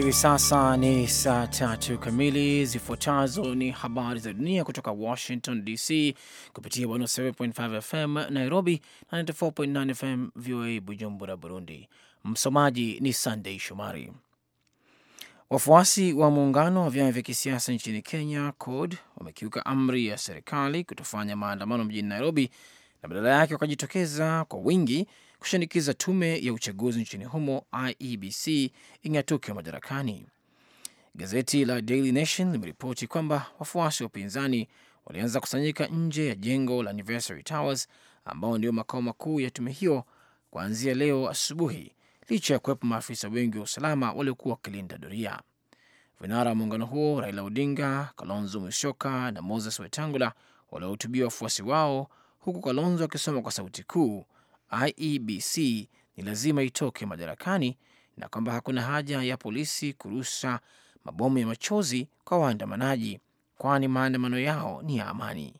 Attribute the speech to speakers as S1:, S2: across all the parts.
S1: Hivi sasa ni saa tatu kamili. Zifuatazo ni habari za dunia kutoka Washington DC kupitia 107.5 FM Nairobi, 94.9 FM VOA Bujumbura, Burundi. Msomaji ni Sandei Shomari. Wafuasi wa muungano wa vyama vya kisiasa nchini Kenya, CORD, wamekiuka amri ya serikali kutofanya maandamano mjini Nairobi na badala yake wakajitokeza kwa wingi kushinikiza tume ya uchaguzi nchini humo IEBC ing'atuke madarakani. Gazeti la Daily Nation limeripoti kwamba wafuasi wa upinzani walianza kusanyika nje ya jengo la Anniversary Towers ambao ndio makao makuu ya tume hiyo kuanzia leo asubuhi, licha ya kuwepo maafisa wengi wa usalama waliokuwa wakilinda doria. Vinara wa muungano huo Raila Odinga, Kalonzo Musyoka na Moses Wetangula waliohutubia wafuasi wao, huku Kalonzo akisoma kwa sauti kuu IEBC ni lazima itoke madarakani na kwamba hakuna haja ya polisi kurusha mabomu ya machozi kwa waandamanaji, kwani maandamano yao ni ya amani.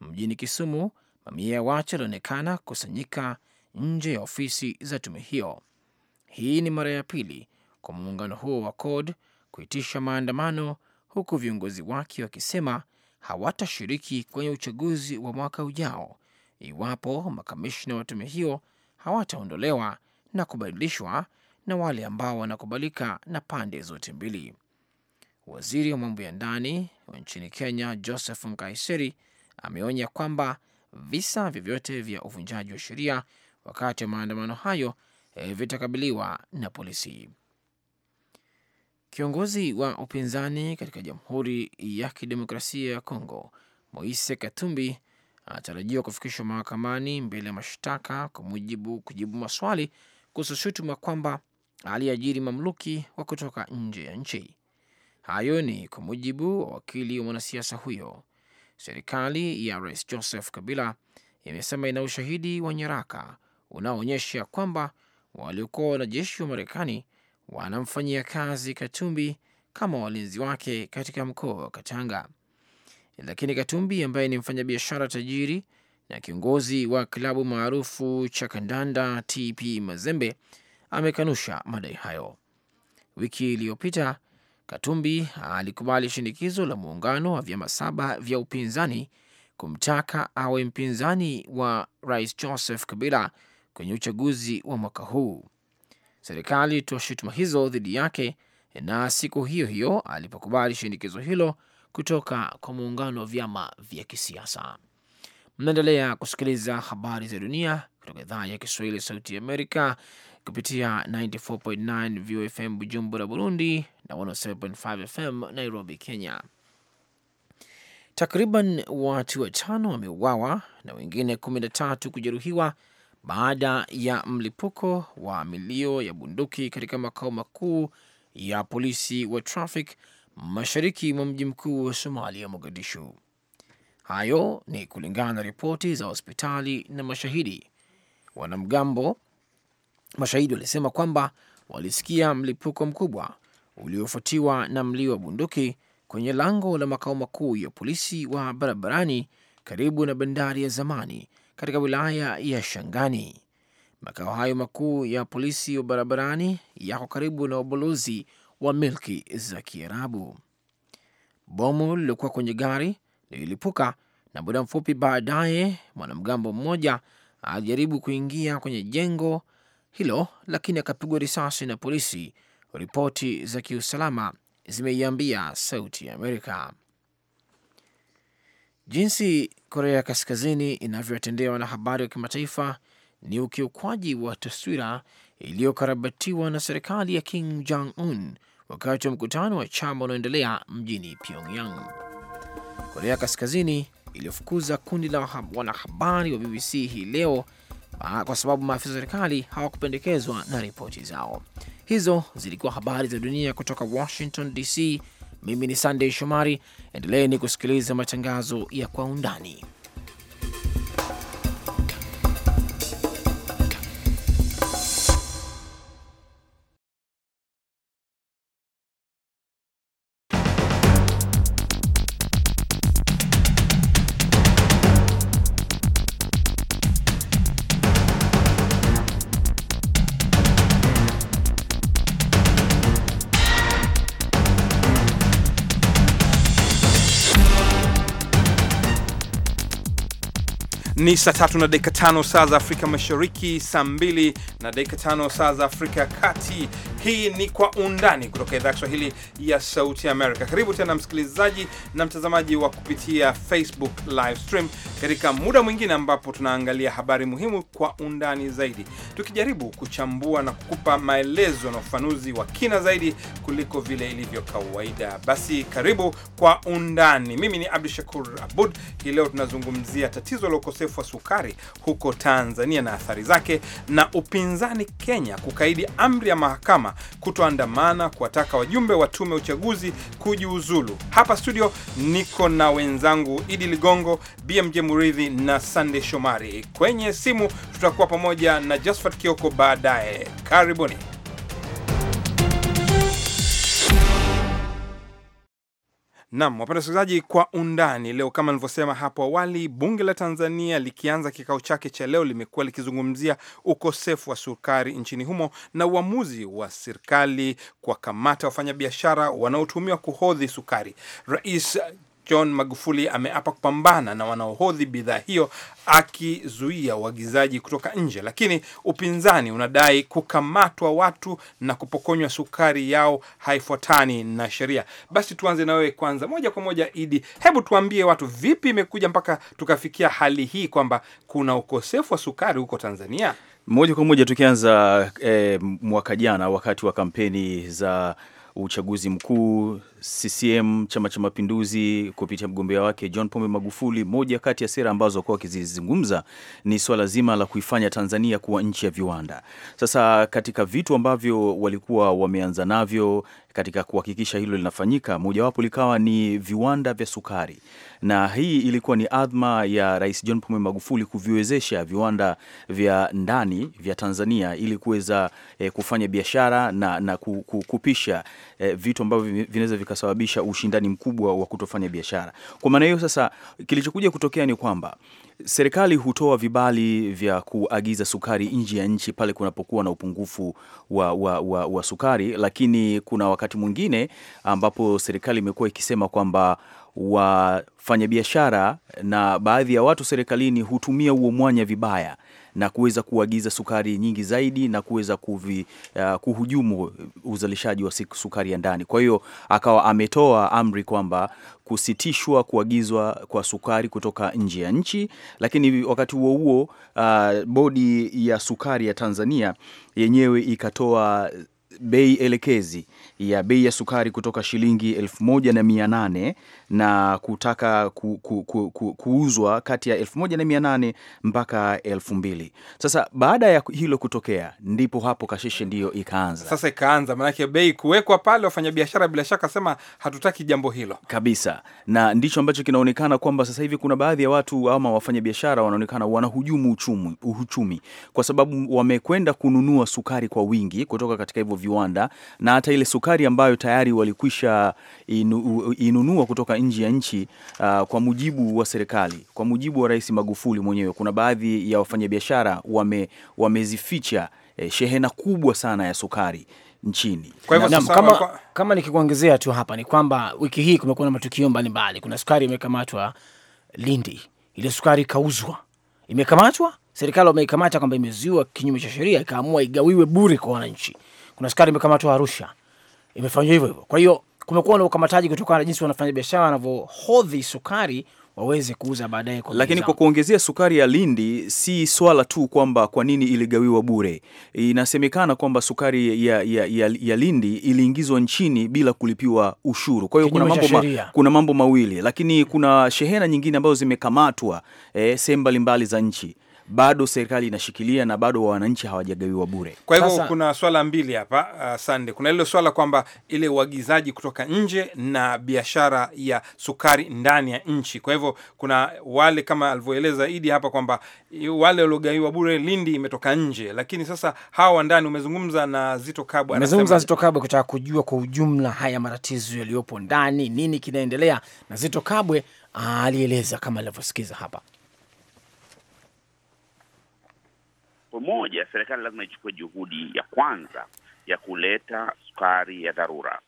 S1: Mjini Kisumu, mamia ya watu yalionekana kukusanyika nje ya ofisi za tume hiyo. Hii ni mara ya pili kwa muungano huo wa CORD kuitisha maandamano, huku viongozi wake wakisema hawatashiriki kwenye uchaguzi wa mwaka ujao iwapo makamishna wa tume hiyo hawataondolewa na kubadilishwa na wale ambao wanakubalika na pande zote mbili. Waziri wa mambo ya ndani wa nchini Kenya, Joseph Nkaiseri, ameonya kwamba visa vyovyote vya uvunjaji wa sheria wakati wa maandamano hayo eh, vitakabiliwa na polisi. Kiongozi wa upinzani katika Jamhuri ya Kidemokrasia ya Kongo, Moise Katumbi, anatarajiwa kufikishwa mahakamani mbele ya mashtaka kwa mujibu kujibu maswali kuhusu shutuma kwamba aliajiri mamluki wa kutoka nje ya nchi. Hayo ni kwa mujibu wa wakili wa mwanasiasa huyo. Serikali ya Rais Joseph Kabila imesema ina ushahidi wa nyaraka unaoonyesha kwamba waliokuwa wanajeshi wa Marekani wanamfanyia kazi Katumbi kama walinzi wake katika mkoa wa Katanga lakini Katumbi ambaye ni mfanyabiashara tajiri na kiongozi wa klabu maarufu cha kandanda TP Mazembe amekanusha madai hayo. Wiki iliyopita Katumbi alikubali shinikizo la muungano wa vyama saba vya upinzani kumtaka awe mpinzani wa rais Joseph Kabila kwenye uchaguzi wa mwaka huu. Serikali ilitoa shutuma hizo dhidi yake, na siku hiyo hiyo alipokubali shinikizo hilo kutoka kwa muungano wa vyama vya kisiasa. Mnaendelea kusikiliza habari za dunia kutoka idhaa ya Kiswahili ya Sauti ya Amerika kupitia 94.9 bujumbu Bujumbura, Burundi na 107.5 FM Nairobi, Kenya. Takriban watu watano wameuawa na wengine 13 kujeruhiwa baada ya mlipuko wa milio ya bunduki katika makao makuu ya polisi wa traffic mashariki mwa mji mkuu wa Somalia, Mogadishu. Hayo ni kulingana na ripoti za hospitali na mashahidi. Wanamgambo mashahidi walisema kwamba walisikia mlipuko mkubwa uliofuatiwa na mlio wa bunduki kwenye lango la makao makuu ya polisi wa barabarani karibu na bandari ya zamani katika wilaya ya Shangani. Makao hayo makuu ya polisi wa barabarani yako karibu na ubalozi wa milki za Kiarabu. Bomu lililokuwa kwenye gari lililipuka na muda mfupi baadaye mwanamgambo mmoja alijaribu kuingia kwenye jengo hilo, lakini akapigwa risasi na polisi, ripoti za kiusalama zimeiambia Sauti ya Amerika. Jinsi Korea Kaskazini inavyowatendea wanahabari wa kimataifa ni ukiukwaji wa taswira iliyokarabatiwa na serikali ya Kim Jong Un wakati wa mkutano wa chama unaoendelea mjini Pyongyang. Korea Kaskazini iliyofukuza kundi la wanahabari wa BBC hii leo ah, kwa sababu maafisa wa serikali hawakupendekezwa na ripoti zao. Hizo zilikuwa habari za dunia kutoka Washington DC. Mimi ni Sandey Shomari, endeleeni kusikiliza matangazo ya Kwa Undani.
S2: Ni saa tatu na dakika tano saa za Afrika Mashariki, saa mbili na dakika tano saa za Afrika ya Kati. Hii ni Kwa Undani kutoka idhaa ya Kiswahili ya Sauti ya Amerika. Karibu tena msikilizaji na mtazamaji wa kupitia Facebook live stream katika muda mwingine ambapo tunaangalia habari muhimu kwa undani zaidi, tukijaribu kuchambua na kukupa maelezo na ufanuzi wa kina zaidi kuliko vile ilivyo kawaida. Basi karibu Kwa Undani. Mimi ni Abdu Shakur Abud. Hii leo tunazungumzia tatizo la ukosefu wa sukari huko Tanzania na athari zake, na upinzani Kenya kukaidi amri ya mahakama kutoandamana kuwataka wajumbe wa tume ya uchaguzi kujiuzulu. Hapa studio niko na wenzangu Idi Ligongo, BMJ Muridhi na Sande Shomari. Kwenye simu tutakuwa pamoja na Josephat Kioko baadaye. Karibuni. Nam, wapenda wasikilizaji, kwa undani leo, kama nilivyosema hapo awali, bunge la Tanzania likianza kikao chake cha leo limekuwa likizungumzia ukosefu wa sukari nchini humo na uamuzi wa serikali kuwakamata wafanyabiashara wanaotumiwa kuhodhi sukari. Rais John Magufuli ameapa kupambana na wanaohodhi bidhaa hiyo, akizuia uagizaji kutoka nje, lakini upinzani unadai kukamatwa watu na kupokonywa sukari yao haifuatani na sheria. Basi tuanze na wewe kwanza, moja kwa moja Idi, hebu tuambie watu, vipi imekuja mpaka tukafikia hali hii kwamba kuna ukosefu wa sukari huko Tanzania?
S3: Moja kwa moja tukianza eh, mwaka jana wakati wa kampeni za uchaguzi mkuu CCM, Chama cha Mapinduzi, kupitia mgombea wake John Pombe Magufuli, moja kati ya sera ambazo wakuwa wakizizungumza ni swala zima la kuifanya Tanzania kuwa nchi ya viwanda. Sasa katika vitu ambavyo walikuwa wameanza navyo katika kuhakikisha hilo linafanyika, mojawapo likawa ni viwanda vya sukari, na hii ilikuwa ni adhma ya Rais John Pombe Magufuli kuviwezesha viwanda vya ndani vya Tanzania ili kuweza eh, kufanya biashara na, na kupisha eh, vitu ambavyo vinaweza zikasababisha ushindani mkubwa wa kutofanya biashara. Kwa maana hiyo sasa, kilichokuja kutokea ni kwamba serikali hutoa vibali vya kuagiza sukari nje ya nchi pale kunapokuwa na upungufu wa, wa, wa, wa sukari, lakini kuna wakati mwingine ambapo serikali imekuwa ikisema kwamba wafanyabiashara na baadhi ya watu serikalini hutumia huo mwanya vibaya na kuweza kuagiza sukari nyingi zaidi na kuweza kuvi, uh, kuhujumu uzalishaji wa sukari ya ndani. Kwa hiyo akawa ametoa amri kwamba kusitishwa kuagizwa kwa sukari kutoka nje ya nchi, lakini wakati huo huo uh, bodi ya sukari ya Tanzania yenyewe ikatoa bei elekezi ya bei ya sukari kutoka shilingi elfu moja na mia nane na kutaka ku, ku, ku, ku, kuuzwa kati ya 1800 na mpaka 2000. Sasa baada ya hilo kutokea, ndipo hapo kashishi ndiyo ikaanza
S2: sasa, ikaanza maanake bei kuwekwa pale, wafanyabiashara bila shaka sema hatutaki jambo hilo
S3: kabisa, na ndicho ambacho kinaonekana kwamba sasa hivi kuna baadhi ya watu ama wafanyabiashara wanaonekana wanahujumu uchumi, uchumi kwa sababu wamekwenda kununua sukari kwa wingi kutoka katika hivyo viwanda na hata ile sukari ambayo tayari walikwisha inu, inunua kutoka nje ya nchi uh, kwa mujibu wa serikali, kwa mujibu wa Rais Magufuli mwenyewe, kuna baadhi ya wafanyabiashara wame, wamezificha eh, shehena kubwa sana ya sukari nchini. Kwa hivyo kama, kwa...
S1: kama nikikuongezea tu hapa ni kwamba wiki hii kumekuwa na matukio mbalimbali. Kuna sukari imekamatwa Lindi, ile sukari ikauzwa, imekamatwa serikali wameikamata kwamba imeziwa kinyume cha sheria, ikaamua igawiwe bure kwa wananchi. Kuna sukari imekamatwa Arusha, imefanywa hivyo hivyo. Kwa hiyo kumekuwa na ukamataji kutokana na jinsi wanafanya biashara wanavyohodhi sukari waweze kuuza baadaye. Lakini kwa
S3: kuongezea, sukari ya Lindi si swala tu kwamba kwa nini iligawiwa bure. Inasemekana kwamba sukari ya, ya, ya, ya Lindi iliingizwa nchini bila kulipiwa ushuru. Kwa hiyo kuna mambo, ma, kuna mambo mawili, lakini kuna shehena nyingine ambazo zimekamatwa eh, sehemu mbalimbali za nchi bado serikali inashikilia na bado wananchi hawajagawiwa bure. Kwa hivyo
S2: kuna swala mbili hapa uh, Sande, kuna ile swala kwamba ile uagizaji kutoka nje na biashara ya sukari ndani ya nchi. Kwa hivyo kuna wale kama alivyoeleza Idi hapa kwamba wale waliogawiwa bure, Lindi imetoka nje, lakini sasa hawa ndani. Umezungumza na Zito Kabwa, umezungumza Zito
S1: Kabwe kutaka kujua kwa ujumla haya matatizo yaliyopo ndani, nini kinaendelea, na Zito Kabwe ah, alieleza kama alivyosikiza hapa.
S4: moja, serikali lazima ichukue juhudi ya kwanza ya kuleta sukari ya dharura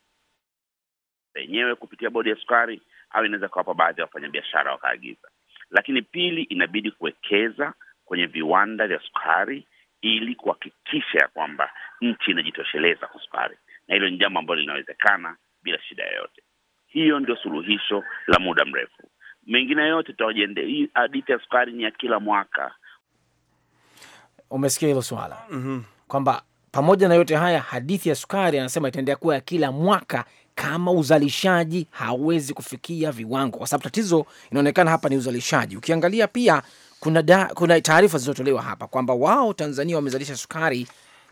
S4: yenyewe kupitia bodi ya sukari, au inaweza kuwapa baadhi ya wafanyabiashara wakaagiza. Lakini pili, inabidi kuwekeza kwenye viwanda vya sukari ili kuhakikisha ya kwamba nchi inajitosheleza kwa sukari, na hilo ni jambo ambalo linawezekana bila shida yoyote. Hiyo ndio suluhisho la muda mrefu. Mengine yote tutaojiendea. Hii hadithi ya sukari ni ya kila mwaka,
S1: umesikia hilo swala mm -hmm. kwamba pamoja na yote haya hadithi ya sukari anasema itaendelea kuwa ya kila mwaka kama uzalishaji hawezi kufikia viwango, kwa sababu tatizo inaonekana hapa ni uzalishaji. Ukiangalia pia kuna, da, kuna taarifa zilizotolewa hapa kwamba wao Tanzania wamezalisha sukari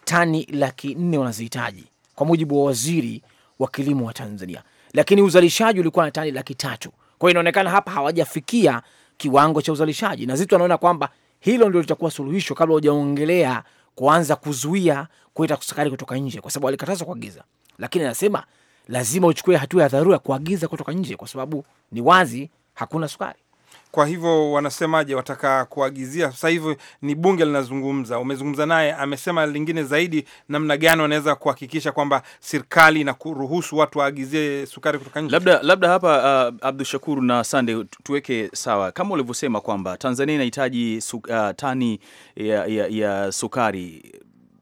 S1: tani laki nne wanazihitaji kwa mujibu wa waziri wa kilimo wa Tanzania, lakini uzalishaji ulikuwa na tani laki tatu. Kwa hiyo inaonekana hapa hawajafikia kiwango cha uzalishaji, na zitu anaona kwamba hilo ndio litakuwa suluhisho, kabla hujaongelea kuanza kuzuia kuleta sukari kutoka nje, kwa sababu alikatazwa kuagiza, lakini anasema lazima uchukue hatua ya dharura kuagiza kutoka nje, kwa sababu ni wazi hakuna sukari. Kwa hivyo wanasemaje,
S2: wataka kuagizia. Sasa hivi ni bunge linazungumza, umezungumza naye, amesema lingine zaidi, namna gani wanaweza kuhakikisha kwamba serikali na kuruhusu watu waagizie sukari kutoka nje.
S3: Labda, labda hapa uh, Abdu Shakur na Sande tuweke sawa, kama ulivyosema kwamba Tanzania inahitaji uh, tani ya, ya, ya sukari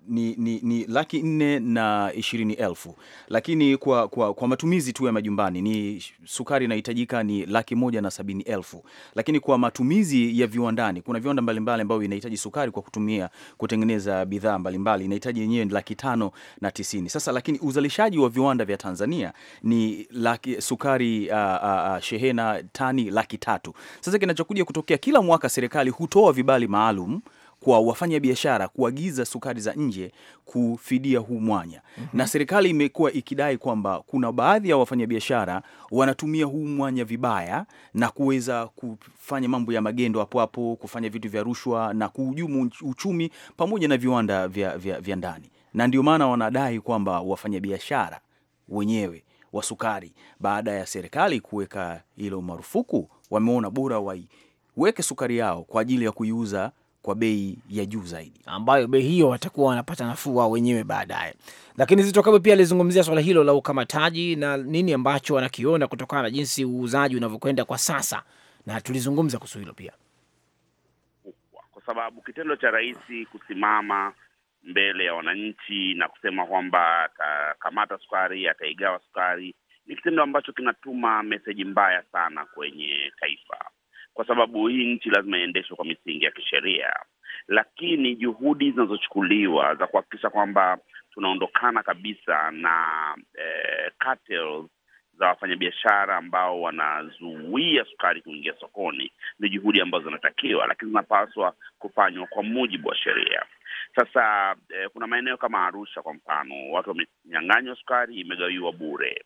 S3: ni, ni, ni laki nne na ishirini elfu lakini kwa, kwa, kwa matumizi tu ya majumbani ni sukari inahitajika ni laki moja na sabini elfu lakini kwa matumizi ya viwandani kuna viwanda mbalimbali ambayo inahitaji sukari kwa kutumia kutengeneza bidhaa mbalimbali inahitaji yenyewe ni laki tano na tisini sasa lakini uzalishaji wa viwanda vya Tanzania ni laki, sukari uh, uh, shehena tani laki tatu sasa kinachokuja kutokea kila mwaka serikali hutoa vibali maalum kwa wafanya biashara kuagiza sukari za nje kufidia huu mwanya mm -hmm. Na serikali imekuwa ikidai kwamba kuna baadhi ya wafanyabiashara wanatumia huu mwanya vibaya na kuweza kufanya mambo ya magendo hapo hapo, kufanya vitu vya rushwa na kuhujumu uchumi pamoja na viwanda vya, vya, vya ndani, na ndio maana wanadai kwamba wafanyabiashara wenyewe wa sukari, baada ya serikali kuweka hilo marufuku, wameona bora waiweke sukari yao kwa
S1: ajili ya kuiuza kwa bei ya juu zaidi, ambayo bei hiyo watakuwa wanapata nafuu wao wenyewe baadaye. Lakini Zitto Kabwe pia alizungumzia swala hilo la ukamataji na nini ambacho wanakiona kutokana na jinsi uuzaji unavyokwenda kwa sasa, na tulizungumza kuhusu hilo pia,
S4: kwa sababu kitendo cha rais kusimama mbele ya wananchi na kusema kwamba atakamata sukari, ataigawa sukari ni kitendo ambacho kinatuma meseji mbaya sana kwenye taifa kwa sababu hii nchi lazima iendeshwe kwa misingi ya kisheria, lakini juhudi zinazochukuliwa za kuhakikisha kwamba tunaondokana kabisa na eh, cartels za wafanyabiashara ambao wanazuia sukari kuingia sokoni ni juhudi ambazo zinatakiwa, lakini zinapaswa kufanywa kwa mujibu wa sheria. Sasa eh, kuna maeneo kama Arusha kwa mfano, watu wamenyang'anywa sukari, imegawiwa bure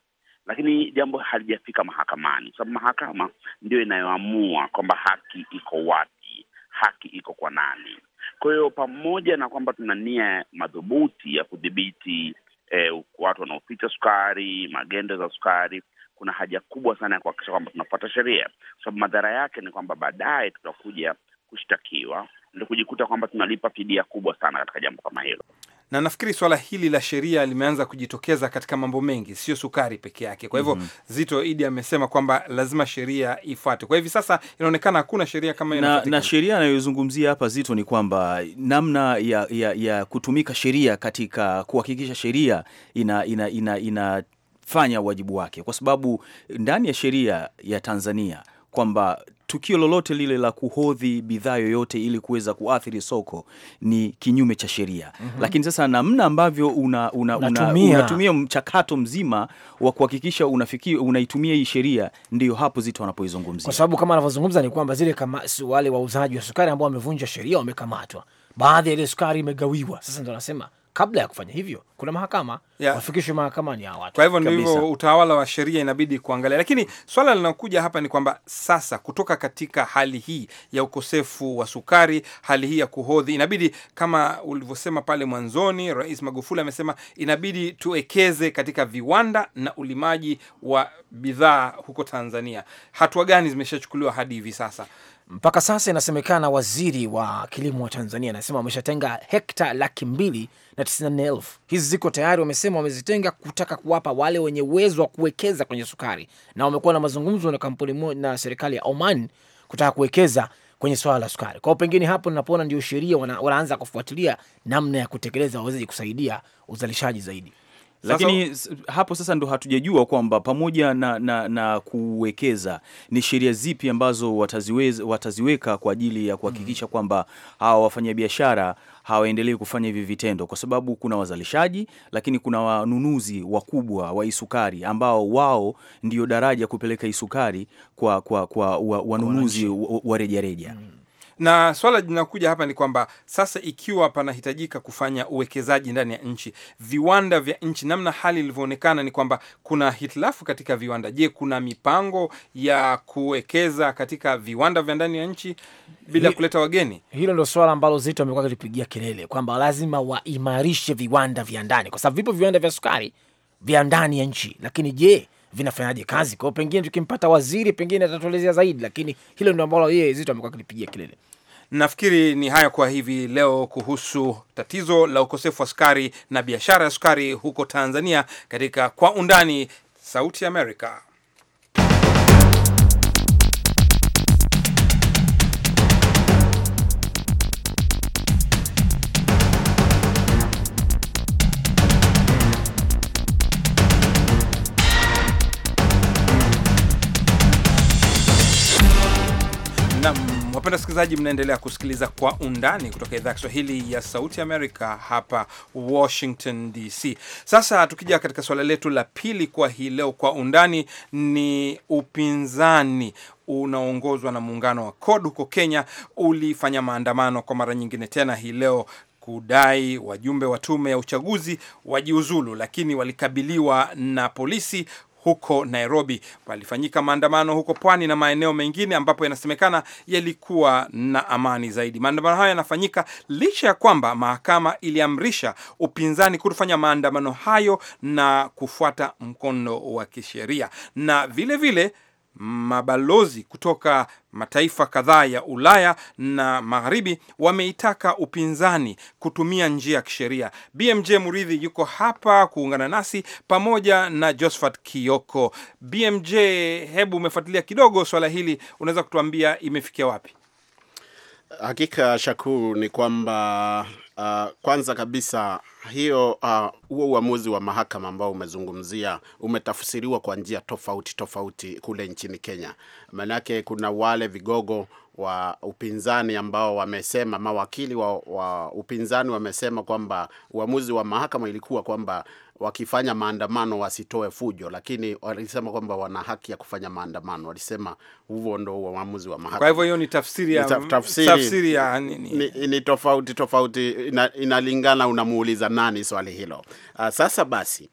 S4: lakini jambo halijafika mahakamani, kwa sababu mahakama ndio inayoamua kwamba haki iko wapi, haki iko kwa nani. Kwa hiyo pamoja na kwamba tuna nia madhubuti ya kudhibiti eh, watu wanaoficha sukari, magendo za sukari, kuna haja kubwa sana ya kuhakikisha kwamba tunafuata sheria, kwasababu sababu madhara yake ni kwamba baadaye tutakuja kushtakiwa, ndo kujikuta kwamba tunalipa fidia kubwa sana katika jambo kama hilo
S2: na nafikiri swala hili la sheria limeanza kujitokeza katika mambo mengi, sio sukari peke yake. Kwa hivyo mm -hmm. Zito Idi amesema kwamba lazima sheria ifuate. Kwa hivi sasa inaonekana hakuna sheria kama na, na
S3: sheria anayozungumzia hapa Zito ni kwamba namna ya, ya, ya kutumika sheria katika kuhakikisha sheria ina, ina, ina, ina fanya wajibu wake, kwa sababu ndani ya sheria ya Tanzania kwamba tukio lolote lile la kuhodhi bidhaa yoyote ili kuweza kuathiri soko ni kinyume cha sheria. mm -hmm. Lakini sasa namna ambavyo una, una, unatumia. unatumia mchakato mzima wa kuhakikisha unaitumia hii sheria, ndiyo hapo Zito wanapoizungumzia, kwa
S1: sababu kama anavyozungumza ni kwamba zile kama wale wauzaji wa sukari ambao wamevunja sheria wamekamatwa, baadhi ya ile sukari imegawiwa. Sasa ndo anasema kabla ya kufanya hivyo kuna mahakama yeah, wafikishwe mahakamani hawa watu. Kwa hivyo ndivyo
S2: utawala wa sheria inabidi kuangalia, lakini swala linaokuja hapa ni kwamba sasa kutoka katika hali hii ya ukosefu wa sukari, hali hii ya kuhodhi, inabidi kama ulivyosema pale mwanzoni, Rais Magufuli amesema inabidi tuwekeze katika viwanda na ulimaji wa bidhaa huko Tanzania. Hatua gani zimeshachukuliwa hadi hivi sasa?
S1: Mpaka sasa inasemekana waziri wa kilimo wa Tanzania anasema wameshatenga hekta laki mbili na tisini na nne elfu. Hizi ziko tayari, wamesema wamezitenga kutaka kuwapa wale wenye uwezo wa kuwekeza kwenye sukari, na wamekuwa na mazungumzo na kampuni na serikali ya Oman kutaka kuwekeza kwenye swala la sukari kwao. Pengine hapo ninapoona ndio sheria wana, wanaanza kufuatilia namna ya kutekeleza, waweze kusaidia uzalishaji zaidi lakini
S3: sasa, hapo sasa ndo hatujajua kwamba pamoja na, na, na kuwekeza ni sheria zipi ambazo wataziweza, wataziweka kwa ajili ya kuhakikisha mm-hmm. kwamba hawa wafanyabiashara hawaendelei kufanya hivi vitendo, kwa sababu kuna wazalishaji lakini kuna wanunuzi wakubwa wa isukari ambao wao ndio daraja kupeleka isukari kwa, kwa, kwa wanunuzi wa rejareja.
S2: Mm. Na swala linakuja hapa ni kwamba sasa, ikiwa panahitajika kufanya uwekezaji ndani ya nchi, viwanda vya nchi, namna hali ilivyoonekana ni kwamba kuna hitilafu katika viwanda. Je, kuna mipango ya kuwekeza katika viwanda vya ndani ya nchi bila kuleta
S1: wageni? Hilo ndio swala ambalo Zito amekuwa akilipigia kelele kwamba lazima waimarishe viwanda vya ndani, kwa sababu vipo viwanda vya sukari vya ndani ya nchi, lakini je vinafanyaje kazi kwao? Pengine tukimpata waziri, pengine atatuelezea zaidi, lakini hilo ndio ambalo yeye Zito amekuwa akilipigia kelele.
S2: Nafikiri ni haya kwa hivi leo kuhusu tatizo la ukosefu wa sukari na biashara ya sukari huko Tanzania katika kwa undani. Sauti Amerika. Nam wapenda wasikilizaji, mnaendelea kusikiliza Kwa Undani kutoka idhaa ya Kiswahili ya Sauti Amerika hapa Washington DC. Sasa tukija katika suala letu la pili kwa hii leo Kwa Undani ni upinzani unaoongozwa na muungano wa CORD huko Kenya ulifanya maandamano kwa mara nyingine tena hii leo kudai wajumbe wa tume ya uchaguzi wajiuzulu, lakini walikabiliwa na polisi huko Nairobi. Palifanyika maandamano huko pwani na maeneo mengine ambapo yanasemekana yalikuwa na amani zaidi. Maandamano hayo yanafanyika licha ya kwamba mahakama iliamrisha upinzani kutofanya maandamano hayo na kufuata mkondo wa kisheria na vile vile Mabalozi kutoka mataifa kadhaa ya Ulaya na Magharibi wameitaka upinzani kutumia njia ya kisheria. BMJ Muridhi yuko hapa kuungana nasi pamoja na Josephat Kioko. BMJ, hebu umefuatilia kidogo swala hili, unaweza kutuambia imefikia wapi?
S5: Hakika Shakuru, ni kwamba Uh, kwanza kabisa hiyo ah, huo uh, uamuzi wa mahakama ambao umezungumzia umetafsiriwa kwa njia tofauti tofauti kule nchini Kenya. Maanake kuna wale vigogo wa upinzani ambao wamesema, mawakili wa, wa upinzani wamesema kwamba uamuzi wa mahakama ilikuwa kwamba wakifanya maandamano wasitoe fujo, lakini walisema kwamba wana haki ya kufanya maandamano. Walisema huo ndo uamuzi wa mahakama. Kwa hivyo hiyo ni tafsiri ya tafsiri, tafsiri ya nini? Ni, ni tofauti tofauti, inalingana unamuuliza nani swali hilo. Ah, sasa basi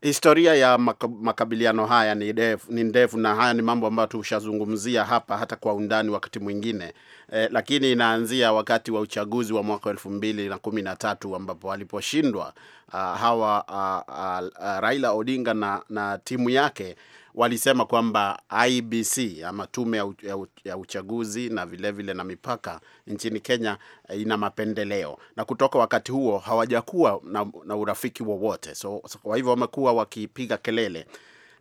S5: Historia ya makabiliano haya ni ndefu, ni ndefu na haya ni mambo ambayo tushazungumzia hapa hata kwa undani wakati mwingine eh, lakini inaanzia wakati wa uchaguzi wa mwaka elfu mbili na kumi na tatu ambapo waliposhindwa uh, ah, hawa uh, uh, Raila Odinga na, na timu yake walisema kwamba IBC ama tume ya uchaguzi na vilevile vile na mipaka nchini Kenya eh, ina mapendeleo, na kutoka wakati huo hawajakuwa na, na urafiki wowote so, so kwa hivyo wamekuwa wakipiga kelele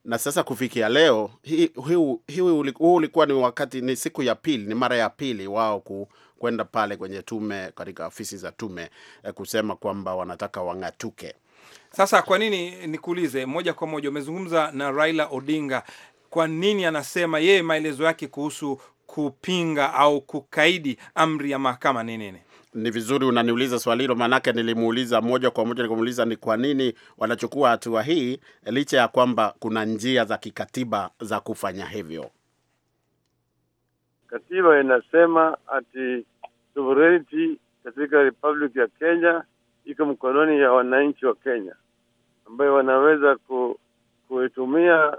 S5: na sasa kufikia leo hii, huu ulikuwa ni wakati, ni siku ya pili, ni mara ya pili wao ku, kwenda pale kwenye tume, katika ofisi za tume eh, kusema kwamba wanataka wang'atuke. Sasa kwa nini, nikuulize moja kwa moja, umezungumza na Raila Odinga, kwa nini anasema yeye, maelezo yake kuhusu kupinga au kukaidi amri ya mahakama ni nini? Ni vizuri unaniuliza swali hilo, maanake nilimuuliza moja kwa moja, nikamuuliza ni kwa nini wanachukua hatua hii licha ya kwamba kuna njia za kikatiba za kufanya hivyo.
S6: Katiba inasema ati sovereignty katika Republic ya Kenya iko mkononi ya wananchi wa Kenya ambayo wanaweza ku, kuitumia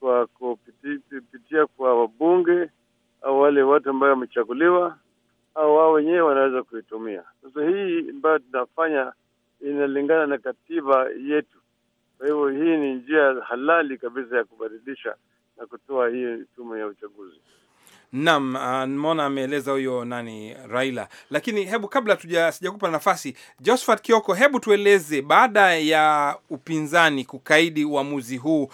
S6: kwa kupitia kwa wabunge au wale watu ambao wamechaguliwa au wao wenyewe wanaweza kuitumia. Sasa hii ambayo tunafanya inalingana na katiba yetu. Kwa hivyo hii ni njia halali kabisa ya kubadilisha na kutoa hii tume ya uchaguzi.
S2: Naam, ah, nimeona ameeleza huyo nani Raila, lakini hebu kabla tuja sijakupa nafasi Josephat Kioko, hebu tueleze baada ya upinzani kukaidi uamuzi huu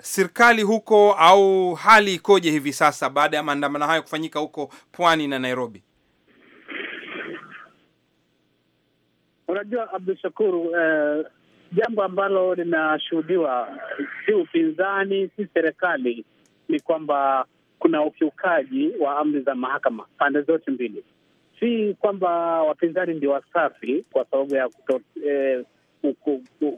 S2: serikali huko au hali ikoje hivi sasa baada ya maandamano hayo kufanyika huko Pwani na Nairobi?
S7: Unajua Abdu Shakuru, eh, jambo ambalo linashuhudiwa si upinzani si serikali ni kwamba kuna ukiukaji wa amri za mahakama pande zote mbili. Si kwamba wapinzani ndio wasafi kwa sababu ya kuto, eh,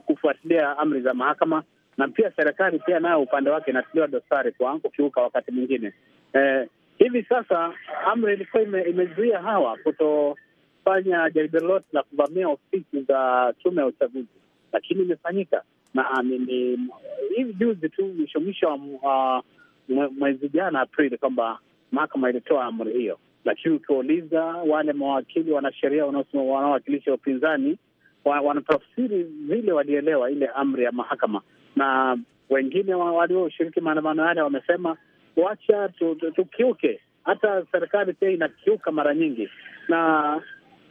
S7: kufuatilia amri za mahakama, na pia serikali pia nayo upande wake inatiliwa dosari kwa kukiuka wakati mwingine. Eh, hivi sasa amri ilikuwa ime, imezuia hawa kutofanya jaribio lolote la kuvamia ofisi za tume ya uchaguzi, lakini imefanyika na hivi juzi tu, mwisho mwisho wa mwezi jana Aprili kwamba mahakama ilitoa amri hiyo, lakini ukiuliza wale mawakili wanasheria wanaowakilisha upinzani wanatafsiri vile walielewa ile amri ya mahakama, na wengine walioshiriki maandamano yale wamesema wacha tukiuke, hata serikali pia inakiuka mara nyingi. Na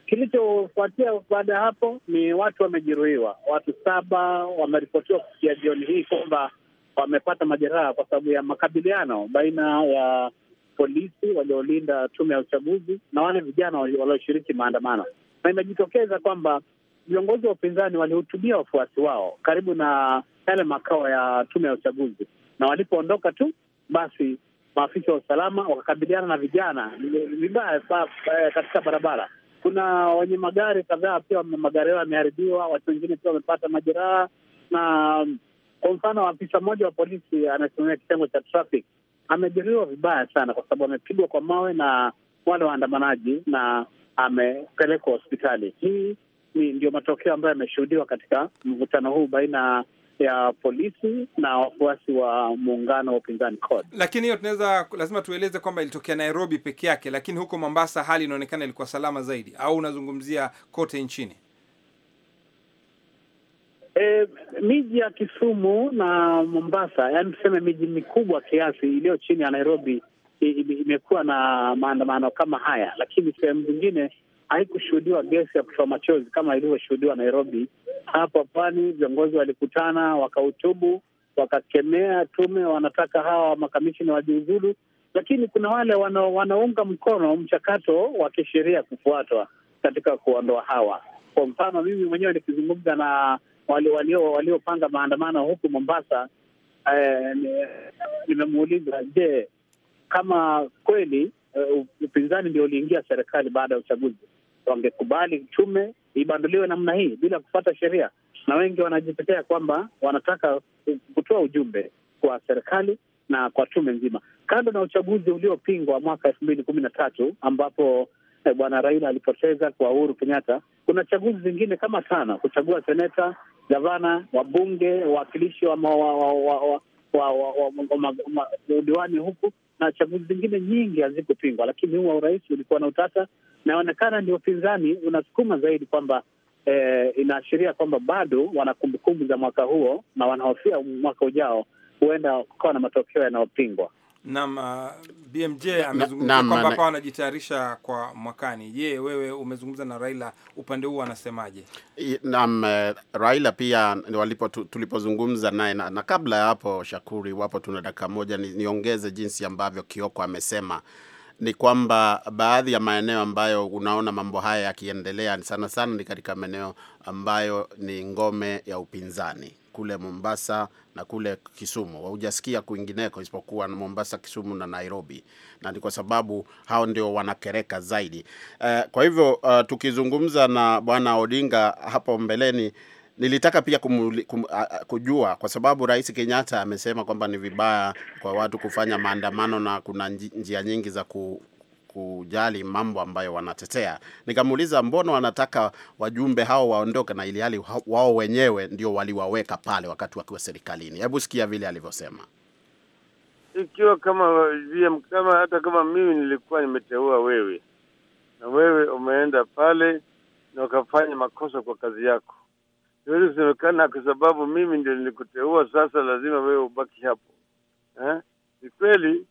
S7: kilichofuatia baada ya hapo ni watu wamejeruhiwa, watu saba wameripotiwa kufikia jioni hii kwamba wamepata majeraha kwa sababu ya makabiliano baina ya polisi waliolinda tume ya uchaguzi na wale vijana walioshiriki maandamano, na imejitokeza kwamba viongozi wa upinzani walihutubia wafuasi wao karibu na yale makao ya tume ya uchaguzi, na walipoondoka tu basi maafisa wa usalama wakakabiliana na vijana vibaya katika barabara. Kuna wenye magari kadhaa pia, magari yao yameharibiwa, watu wengine pia wamepata majeraha na kwa mfano, afisa mmoja wa polisi anasimamia kitengo cha traffic amejeruhiwa vibaya sana, kwa sababu amepigwa kwa mawe na wale waandamanaji na amepelekwa hospitali. Hii ni ndio matokeo ambayo yameshuhudiwa katika mvutano huu baina ya polisi na wafuasi wa muungano wa upinzani CORD.
S2: Lakini hiyo tunaweza lazima tueleze kwamba ilitokea Nairobi peke yake, lakini huko Mombasa hali inaonekana ilikuwa salama zaidi, au unazungumzia kote nchini?
S7: E, miji ya Kisumu na Mombasa, yaani tuseme miji mikubwa kiasi iliyo chini ya Nairobi imekuwa na maandamano kama haya, lakini sehemu zingine haikushuhudiwa gesi ya kutoa machozi kama ilivyoshuhudiwa Nairobi. Hapa pwani viongozi walikutana, wakahutubu, wakakemea tume, wanataka hawa makamishina wajiuzulu, lakini kuna wale wana, wanaunga mkono mchakato wa kisheria kufuatwa katika kuondoa hawa. Kwa mfano mimi mwenyewe nikizungumza na wale waliopanga maandamano huku Mombasa, eh, nimemuuliza je, kama kweli uh, upinzani ndio uliingia serikali baada ya uchaguzi, wangekubali tume ibanduliwe namna hii bila kupata sheria? Na wengi wanajitetea kwamba wanataka kutoa ujumbe kwa serikali na kwa tume nzima, kando na uchaguzi uliopingwa mwaka elfu mbili kumi na tatu ambapo eh, bwana Raila alipoteza kwa Uhuru Kenyatta. Kuna chaguzi zingine kama tano: kuchagua seneta, magavana, wabunge, wawakilishi wa udiwani huku, na chaguzi zingine nyingi hazikupingwa, lakini huu wa urais ulikuwa na utata, naonekana ndio upinzani unasukuma zaidi kwamba E, inaashiria kwamba bado wana kumbukumbu za mwaka huo na wanahofia mwaka ujao huenda kukawa na matokeo yanayopingwa.
S2: Naam, uh, BMJ amezungumza kwamba hapa wanajitayarisha kwa mwakani. Je, wewe umezungumza na Raila upande huu anasemaje?
S5: Naam, eh, Raila pia walipo tulipozungumza naye na, na kabla ya hapo Shakuri, iwapo tuna dakika moja, niongeze ni jinsi ambavyo Kioko amesema ni kwamba baadhi ya maeneo ambayo unaona mambo haya yakiendelea sana sana ni katika maeneo ambayo ni ngome ya upinzani kule Mombasa na kule Kisumu. Haujasikia kwingineko isipokuwa Mombasa, Kisumu na Nairobi, na ni kwa sababu hao ndio wanakereka zaidi. Uh, kwa hivyo uh, tukizungumza na bwana Odinga hapo mbeleni nilitaka pia kumuli, kum, a, kujua kwa sababu Rais Kenyatta amesema kwamba ni vibaya kwa watu kufanya maandamano na kuna njia nyingi za ku, kujali mambo ambayo wanatetea. Nikamuuliza mbona wanataka wajumbe hao waondoke na ilihali wao wenyewe ndio waliwaweka pale wakati wakiwa serikalini. Hebu sikia vile alivyosema.
S6: Ikiwa kama VM, kama hata kama mimi nilikuwa nimeteua wewe na wewe umeenda pale na ukafanya makosa kwa kazi yako, siwezi kusemekana kwa sababu mimi ndio nilikuteua, sasa lazima wewe ubaki hapo eh? Ni kweli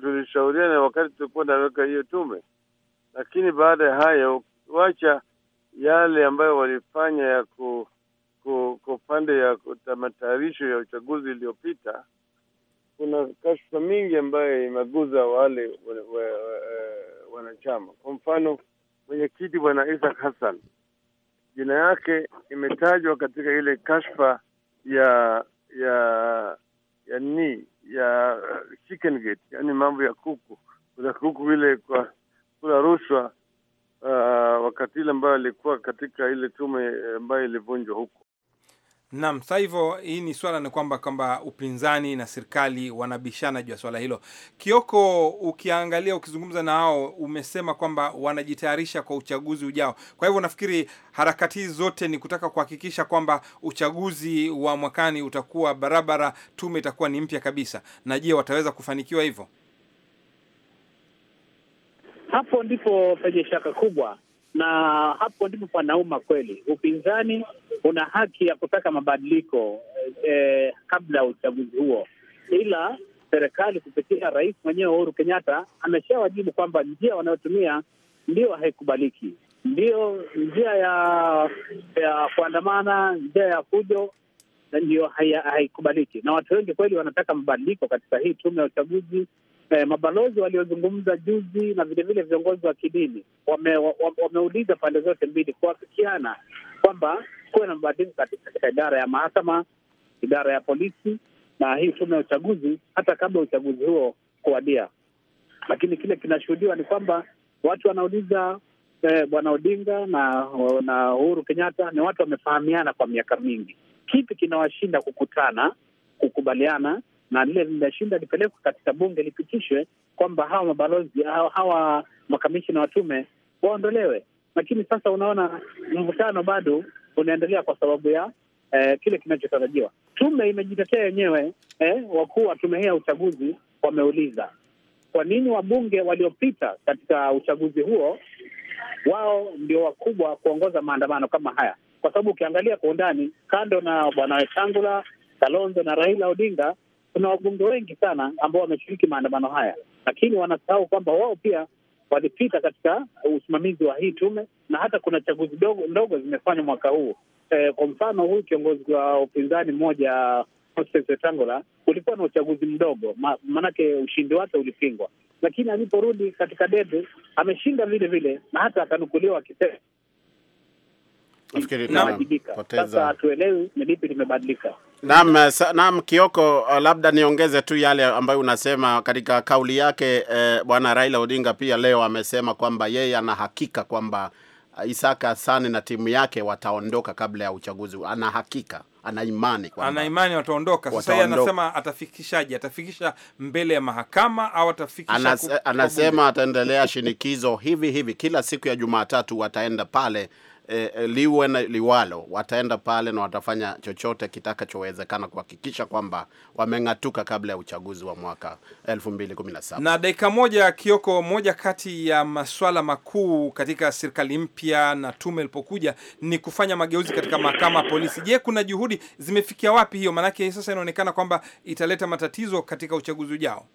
S6: tulishauriana wakati tulikuwa naweka hiyo tume, lakini baada ya hayo wacha yale ambayo walifanya ya ku, ku, ya matayarisho ya uchaguzi iliyopita. Kuna kashfa mingi ambayo imeguza wale eh, wanachama. Kwa mfano, mwenyekiti Bwana Isaac Hassan jina yake imetajwa katika ile kashfa ya ya ya nii ya chicken gate, yani mambo ya kuku, Kuna kuku ile kwa kula rushwa uh, wakati ile ambayo alikuwa katika ile tume eh, ambayo ilivunjwa huko
S2: Naam, sasa hivyo hii ni swala ni kwamba kwamba upinzani na serikali wanabishana juu ya swala hilo. Kioko, ukiangalia ukizungumza na hao, umesema kwamba wanajitayarisha kwa uchaguzi ujao. Kwa hivyo nafikiri harakati hizi zote ni kutaka kuhakikisha kwamba uchaguzi wa mwakani utakuwa barabara, tume itakuwa ni mpya kabisa. Na je, wataweza kufanikiwa hivyo?
S7: Hapo ndipo penye shaka kubwa, na hapo ndipo panauma kweli. Upinzani una haki ya kutaka mabadiliko eh, eh, kabla ya uchaguzi huo, ila serikali kupitia rais mwenyewe Uhuru Kenyatta ameshawajibu kwamba njia wanayotumia ndio haikubaliki, ndio njia ya ya kuandamana, njia ya fujo ndio haikubaliki, na watu wengi kweli wanataka mabadiliko katika hii tume ya uchaguzi eh, mabalozi waliozungumza juzi na vilevile viongozi wa kidini wameuliza wame pande zote mbili kuafikiana kwamba kuwe na mabadiliko katika idara ya mahakama, idara ya polisi na hii tume ya uchaguzi hata kabla ya uchaguzi huo kuwadia. Lakini kile kinashuhudiwa ni kwamba watu wanauliza eh, Bwana Odinga na na Uhuru Kenyatta ni watu wamefahamiana kwa miaka mingi. Kipi kinawashinda kukutana, kukubaliana na lile lilashinda lipelekwe katika bunge lipitishwe kwamba hawa mabalozi hawa, hawa makamishina wa tume waondolewe. Lakini sasa unaona mvutano bado unaendelea kwa sababu ya eh, kile kinachotarajiwa. Tume imejitetea wenyewe eh, wakuu wa tume hii ya uchaguzi wameuliza kwa nini wabunge waliopita katika uchaguzi huo wao ndio wakubwa kuongoza maandamano kama haya, kwa sababu ukiangalia kwa undani, kando na bwana Wetangula, Kalonzo na Raila Odinga, kuna wabunge wengi sana ambao wameshiriki maandamano haya, lakini wanasahau kwamba wao pia walipita katika usimamizi wa hii tume, na hata kuna chaguzi dogo, ndogo zimefanywa mwaka huu e, kwa mfano huyu kiongozi wa upinzani mmoja Moses Wetangula ulikuwa na uchaguzi mdogo, maanake ushindi wake ulipingwa, lakini aliporudi katika debe ameshinda vile vile, na hata akanukuliwa akisema Sasa hatuelewi ni lipi limebadilika.
S5: Naam, naam Kioko, uh, labda niongeze tu yale ambayo unasema katika kauli yake. Eh, bwana Raila Odinga pia leo amesema kwamba yeye ana hakika kwamba uh, Isaka Sane na timu yake wataondoka kabla ya uchaguzi. Ana hakika, ana imani kwamba ana
S2: imani wataondoka. Sasa yeye anasema atafikishaje? Atafikisha mbele ya mahakama au atafikisha Anas, anasema
S5: ataendelea shinikizo hivi hivi, kila siku ya Jumatatu wataenda pale Eh, eh, liwe na liwalo, wataenda pale na watafanya chochote kitakachowezekana kuhakikisha kwamba wameng'atuka kabla ya uchaguzi wa mwaka 2017.
S2: Na dakika moja, Kioko, moja kati ya maswala makuu katika serikali mpya na tume ilipokuja ni kufanya mageuzi katika mahakama polisi. Je, kuna juhudi zimefikia wapi hiyo? Maanake sasa inaonekana kwamba italeta matatizo katika uchaguzi ujao.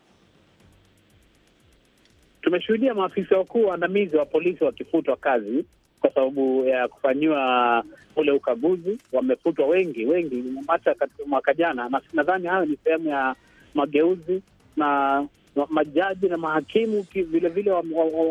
S2: Tumeshuhudia maafisa
S7: wakuu waandamizi wa polisi wakifutwa kazi kwa sababu ya kufanyiwa ule ukaguzi. Wamefutwa wengi wengi, hata katika mwaka jana, nadhani hayo ni sehemu ya mageuzi na majaji na mahakimu vilevile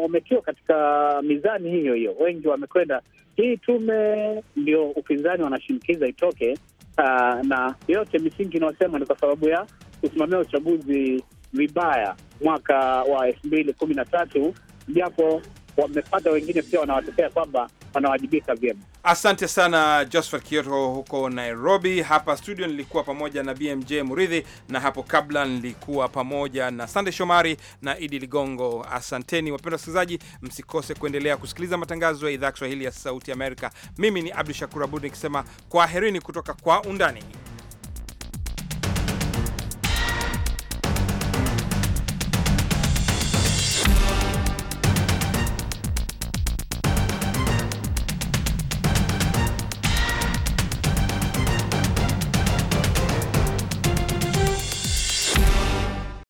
S7: wametiwa katika mizani hiyo hiyo, wengi wamekwenda. Hii tume ndio upinzani wanashinikiza itoke. Uh, na yote misingi inayosema ni kwa sababu ya kusimamia uchaguzi vibaya mwaka wa elfu mbili kumi na tatu japo wamepata, wengine pia wanawatetea kwamba wanawajibika vyema.
S2: Asante sana Josephat Kioto huko Nairobi. Hapa studio nilikuwa pamoja na BMJ Muridhi, na hapo kabla nilikuwa pamoja na Sande Shomari na Idi Ligongo. Asanteni wapenda wasikilizaji, msikose kuendelea kusikiliza matangazo ya idhaa ya Kiswahili ya Sauti Amerika. Mimi ni Abdu Shakur Abud nikisema kwaherini kutoka Kwa Undani.